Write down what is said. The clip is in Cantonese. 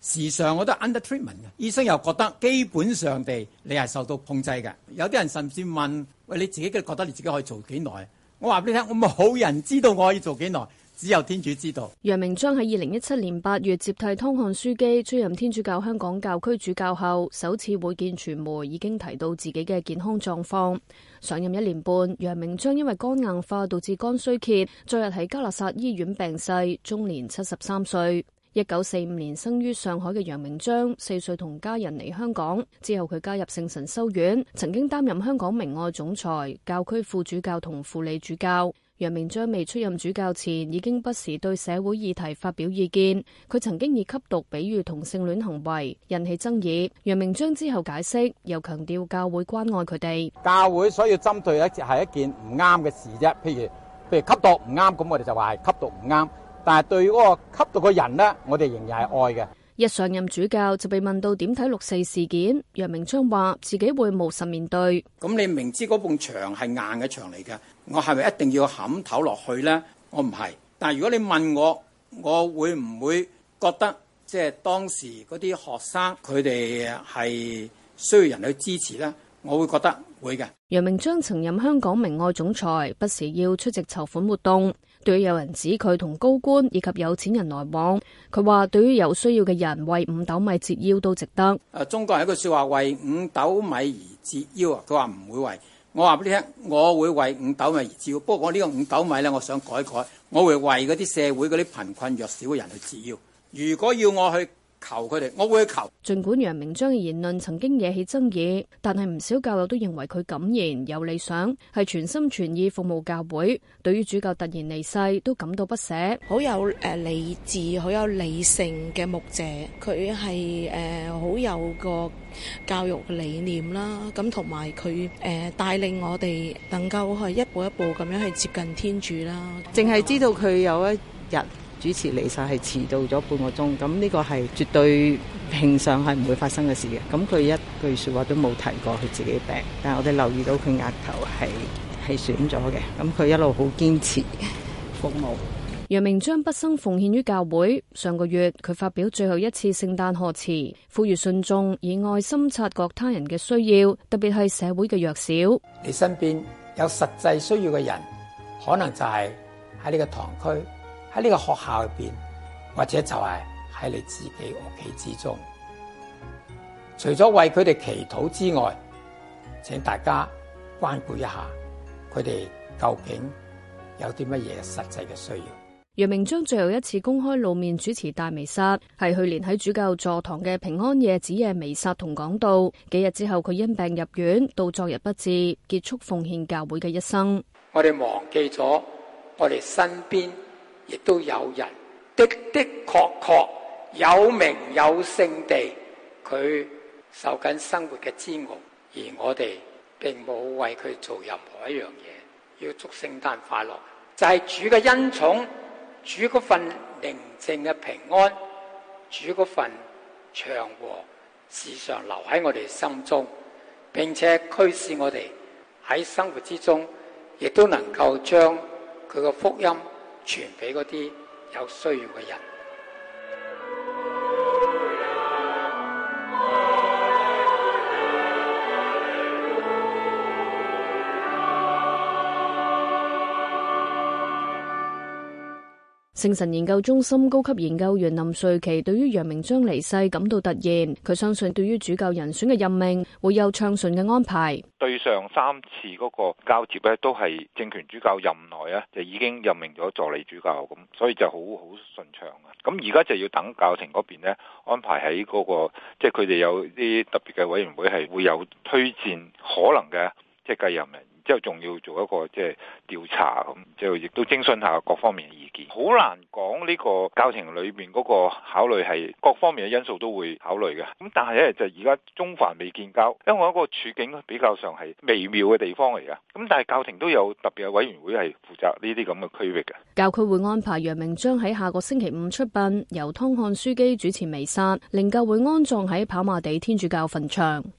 時常我都 under treatment 啊，醫生又覺得基本上地你係受到控制嘅。有啲人甚至問：喂，你自己覺得你自己可以做幾耐？我話俾你聽，我冇人知道我可以做幾耐，只有天主知道。楊鳴章喺二零一七年八月接替湯漢樞機出任天主教香港教區主教後，首次會見傳媒已經提到自己嘅健康狀況。上任一年半，楊鳴章因為肝硬化導致肝衰竭，昨日喺嘉諾撒醫院病逝，終年七十三歲。一九四五年生於上海嘅楊鳴章，四歲同家人嚟香港。之後佢加入聖神修院，曾經擔任香港明愛總裁、教區副主教同輔理主教。楊鳴章未出任主教前，已經不時對社會議題發表意見。佢曾經以吸毒比喻同性戀行為引起爭議。楊鳴章之後解釋，又強調教會關愛佢哋。教會所要針對嘅係一件唔啱嘅事啫，譬如，譬如吸毒唔啱，咁我哋就話係吸毒唔啱。但係對嗰個吸毒嘅人呢，我哋仍然係愛嘅。日常任主教就被問到點睇六四事件，楊鳴章話自己會務實面對。咁你明知嗰埲牆係硬嘅牆嚟嘅，我係咪一定要冚頭落去呢？我唔係。但係如果你問我，我會唔會覺得即係、就是、當時嗰啲學生佢哋係需要人去支持呢？我會覺得會嘅。楊鳴章曾任香港明愛總裁，不時要出席籌款活動。對於有人指佢同高官以及有錢人來往，佢話對於有需要嘅人為五斗米折腰都值得。誒，中國人一句說話為五斗米而折腰，佢話唔會為。我話俾你聽，我會為五斗米而折腰。不過我呢個五斗米咧，我想改改，我會為嗰啲社會嗰啲貧困弱小嘅人去折腰。如果要我去。求佢哋，我會去求。盡管楊鳴章嘅言論曾經惹起爭議，但係唔少教友都認為佢敢言有理想，係全心全意服務教會。對於主教突然離世，都感到不捨。好有誒，理智，好有理性嘅牧者，佢係誒好有個教育理念啦。咁同埋佢誒帶領我哋，能夠係一步一步咁樣去接近天主啦。淨係知道佢有一日。主持離曬係遲到咗半個鐘，咁呢個係絕對平常係唔會發生嘅事嘅。咁佢一句説話都冇提過佢自己病，但係我哋留意到佢額頭係係損咗嘅。咁佢一路好堅持服務。楊鳴章畢生奉獻於教會。上個月佢發表最後一次聖誕賀詞，呼籲信眾以愛心察覺他人嘅需要，特別係社會嘅弱小。你身邊有實際需要嘅人，可能就係喺呢個堂區。喺呢個學校入邊，或者就係喺你自己屋企之中，除咗為佢哋祈禱之外，請大家關顧一下佢哋究竟有啲乜嘢實際嘅需要。楊鳴章最後一次公開露面主持大彌撒係去年喺主教座堂嘅平安夜子夜彌撒同講道。幾日之後佢因病入院，到昨日不治，結束奉獻教會嘅一生。我哋忘記咗我哋身邊。亦都有人的的確確有名有姓地，佢受緊生活嘅煎熬，而我哋並冇為佢做任何一樣嘢。要祝聖誕快樂，就係主嘅恩寵，主嗰份寧靜嘅平安，主嗰份祥和，時常留喺我哋心中，並且驅使我哋喺生活之中，亦都能夠將佢嘅福音。傳俾嗰啲有需要嘅人。聖神研究中心高級研究員林瑞琪對於楊鳴章離世感到突然，佢相信對於主教人選嘅任命會有暢順嘅安排。對上三次嗰個交接咧，都係正權主教任內啊，就已經任命咗助理主教咁，所以就好好順暢啊。咁而家就要等教廷嗰邊咧安排喺嗰個，即係佢哋有啲特別嘅委員會係會有推薦可能嘅即係繼任嘅。之後仲要做一個即係調查咁，就亦都徵詢下各方面嘅意見。好難講，呢個教廷裏面嗰個考慮係各方面嘅因素都會考慮嘅。咁但係咧就而家中梵未建交，因為一個處境比較上係微妙嘅地方嚟㗎。咁但係教廷都有特別嘅委員會係負責呢啲咁嘅區域嘅。教區會安排楊鳴章喺下個星期五出殯，由湯漢樞機主持彌撒，靈柩會安葬喺跑馬地天主教墳場。